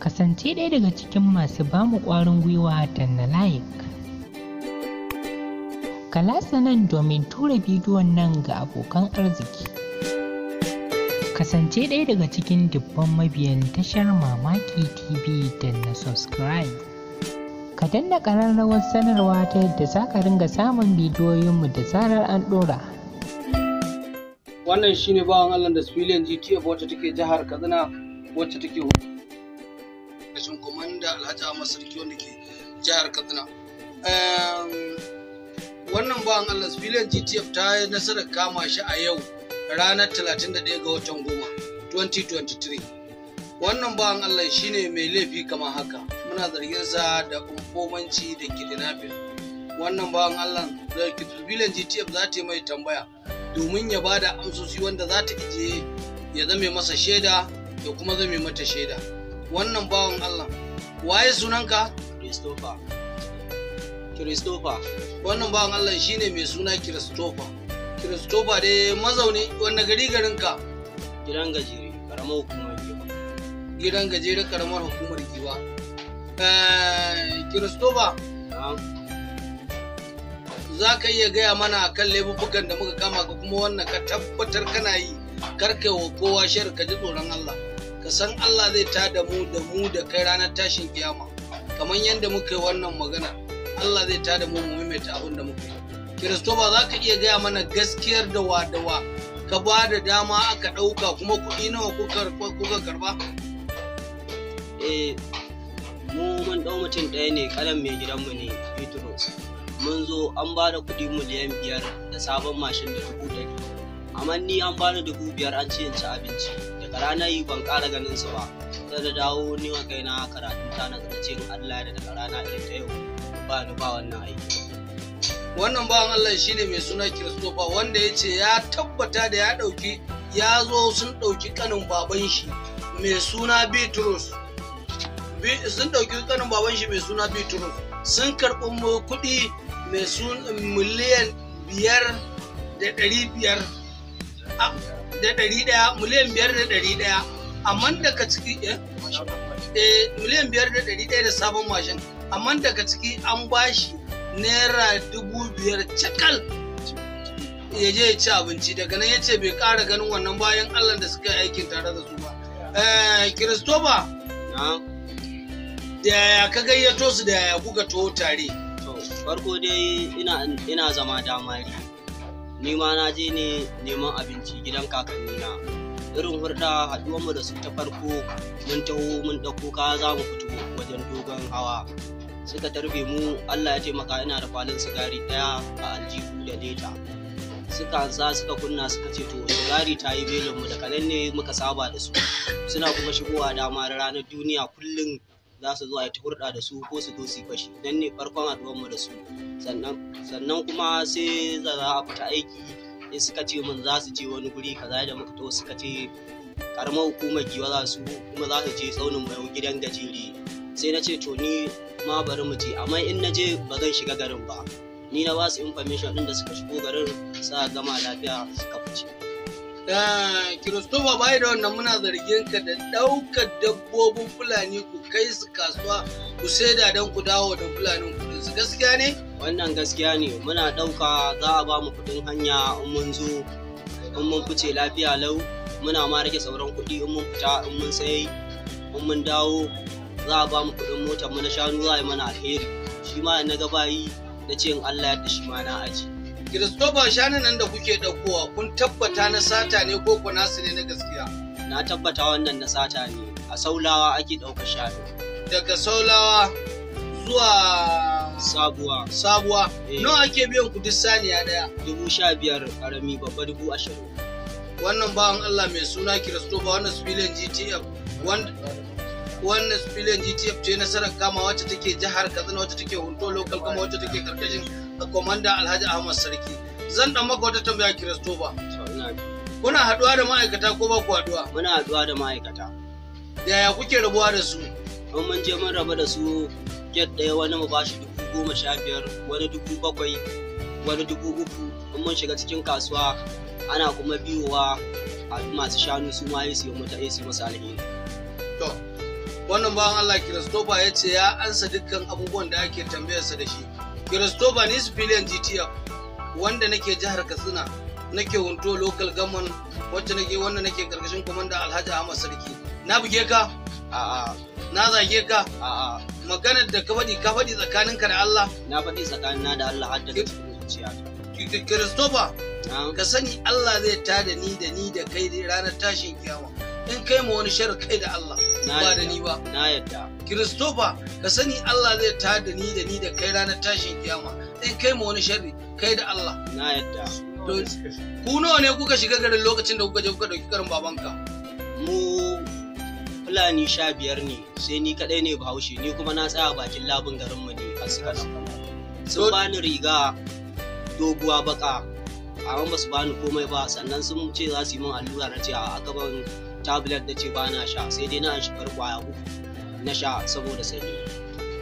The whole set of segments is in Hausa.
kasance ɗaya daga cikin masu ba mu ƙwarin gwiwa da na like. Kalasa nan domin tura bidiyon nan ga abokan arziki. Kasance ɗaya daga cikin dubban mabiyan tashar Mamaki TV da na subscribe. Ka danna ƙararrawar sanarwa ta yadda za ka ringa samun bidiyoyinmu da zarar an ɗora. Wannan shine bawan Allah da Swillian GTF wacce take jihar Katsina wacce take alhaji ahmad sarki wanda ke jihar katsina ehm, wannan bawan allah filin gtf ta yi nasarar kama shi a yau ranar 31 ga watan goma 2023 wannan bawan allah shi ne mai laifi kamar haka muna zargin sa da kumfomanci da kidnapping wannan bawan allah da filin gtf za ta yi mai tambaya domin ya ba da amsoshi wanda za ta ije ya zame masa shaida ya kuma zame mata shaida wannan bawan allah waye sunanka christopher christopher wannan bawan allah shine mai suna christopher christopher dai mazauni wanda gari ka? gidan gajere karamar hukumar giwa gidan gajere karamar hukumar giwa eh, christopher za ka iya gaya mana kan laifukan da muka kama ka kuma wannan ka tabbatar kana yi karka wa kowa shar ka ji tsoron allah ka san Allah zai da mu da mu da kai ranar tashin kiyama kamar yadda muka yi wannan magana Allah zai da mu mu maimaita abin da muka yi kiristo ba za ka iya gaya mana gaskiyar da wa ka ba da dama aka ɗauka kuma kuɗi nawa kuka karba eh mu mun ɗau mutum ɗaya ne kalan mai gidanmu ne Bitrus mun zo an ba da kuɗi miliyan biyar da sabon mashin da dubu ɗari amma ni an ba da dubu biyar an ci abinci Da ranar ban ƙara ganin su ba sai da dawo ni wa kaina karatun ta na ce Allah da daga rana irin ta yau ba ni ba wannan aiki wannan bawan Allah shine mai suna Kiristofa wanda ya ce ya tabbata da ya ɗauki ya zo sun ɗauki kanin baban shi mai suna Bitrus sun ɗauki kanin baban shi mai suna Bitrus sun karɓi kuɗi mai miliyan biyar da ɗari biyar ah, da ɗari ɗaya miliyan biyar da ɗari ɗaya amma daga ciki eh, eh, miliyan biyar da ɗari ɗaya da sabon mashin amma daga ciki an bashi naira dubu biyar cakal ya je ya ci abinci daga nan ya ce bai ƙara ganin wannan bayan allah da suka yi aikin tare da su ba kiristoba eh, da yaya ka gayyato su da ya kuka taho tare farko dai ina zama damari ni ma na je ne neman abinci gidan kakanni na irin hurɗa haɗuwar mu da su ta farko mun taho mun ɗauko kaya za mu fito wajen dogon hawa suka tarbe mu Allah ya taimaka ina da falin sigari ɗaya a aljihu da leta suka ansa suka kunna suka ce to sigari ta yi belin mu da kalan ne muka saba da su suna kuma shigowa dama ranar duniya kullum za su zo a ta hurɗa da su ko su zo su fashi dan ne farkon haɗuwar mu da su sannan kuma sai za a fita aiki In suka ce mun za su je wani guri kaza da muka to suka ce karamar hukumar giwa za su kuma za su je tsaunin mai gidan gajere sai na ce to ni ma bari mu je amma in na je ba zan shiga garin ba ni na basu information din da suka shigo garin sa gama lafiya suka fice ah, da Biden bai muna zargin ka da ɗaukar dabbobin fulani kai su kasuwa ku saida don ku dawo da fulanin kudin su gaskiya ne wannan gaskiya ne muna ɗauka za a ba mu kudin hanya in mun zo in mun fice lafiya lau muna ma rage sauran kuɗi in mun fita in mun sai in mun dawo za a ba mu kuɗin motar mu na shanu za a yi mana alheri shi ma na gabayi na ce in Allah ya shi ma na aji. Kiristofa shanu nan da kuke ɗaukowa kun tabbata na sata ne ko ku nasu ne na gaskiya? Na tabbata wannan na sata ne. saulawa ake ɗaukar shanu daga saulawa zuwa sabuwa sabuwa eh. nawa ake biyan ku duk saniya daya dubu sha biyar karami babba dubu ashirin wannan bawan allah mai suna ba, wannan spilin gtf wannan spilin gtf ce nasarar kama wacce take jihar katsina wacce take hunto local kuma wacce take karkashin komanda alhaji ahmad sarki zan dan maka wata tambaya ba. kuna haduwa da ma'aikata ko ba ku haduwa muna haduwa da ma'aikata yaya kuke rabuwa da su in mun je mun rabu da su get ɗaya wani mu bashi dubu goma sha biyar wani dubu bakwai wani dubu uku in mun shiga cikin kasuwa ana kuma biyowa a masu shanu su ma su mata su masu alheri to wannan bawan Allah Kiristofa ya ce ya ansa dukkan abubuwan da ake tambayarsa da shi Kiristofa ni civilian GTF wanda nake jihar Katsina nake wunto local government wacce nake wanda nake karkashin komanda Alhaji Ahmad Sarki na buge ka a'a na zage ka a'a maganar da ka faɗi ka faɗi tsakaninka da Allah na faɗi tsakanina da Allah har da cikin Christopher ka sani Allah zai ta da ni da ni da kai ranar tashin kiyama in kai ma wani sharri kai da Allah ba da ni ba na yadda Christopher ka sani Allah zai ta da ni da ni da kai ranar tashin kiyama in kai ma wani sharri kai da Allah na yadda ku nawa ne kuka shiga garin lokacin da kuka je kuka dauki karin babanka mu fulani sha biyar ne sai ni kadai ne bahaushe ni kuma na tsaya bakin labin garinmu ne a sun bani riga doguwa baka amma ba su bani komai ba sannan sun ce za su yi min allura na ce a gaban tablet da ce ba na sha sai dai na shigar kwaya uku na sha saboda sanyi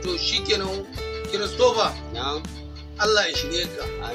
to shikenan Christopher. Allah ya shirye ka.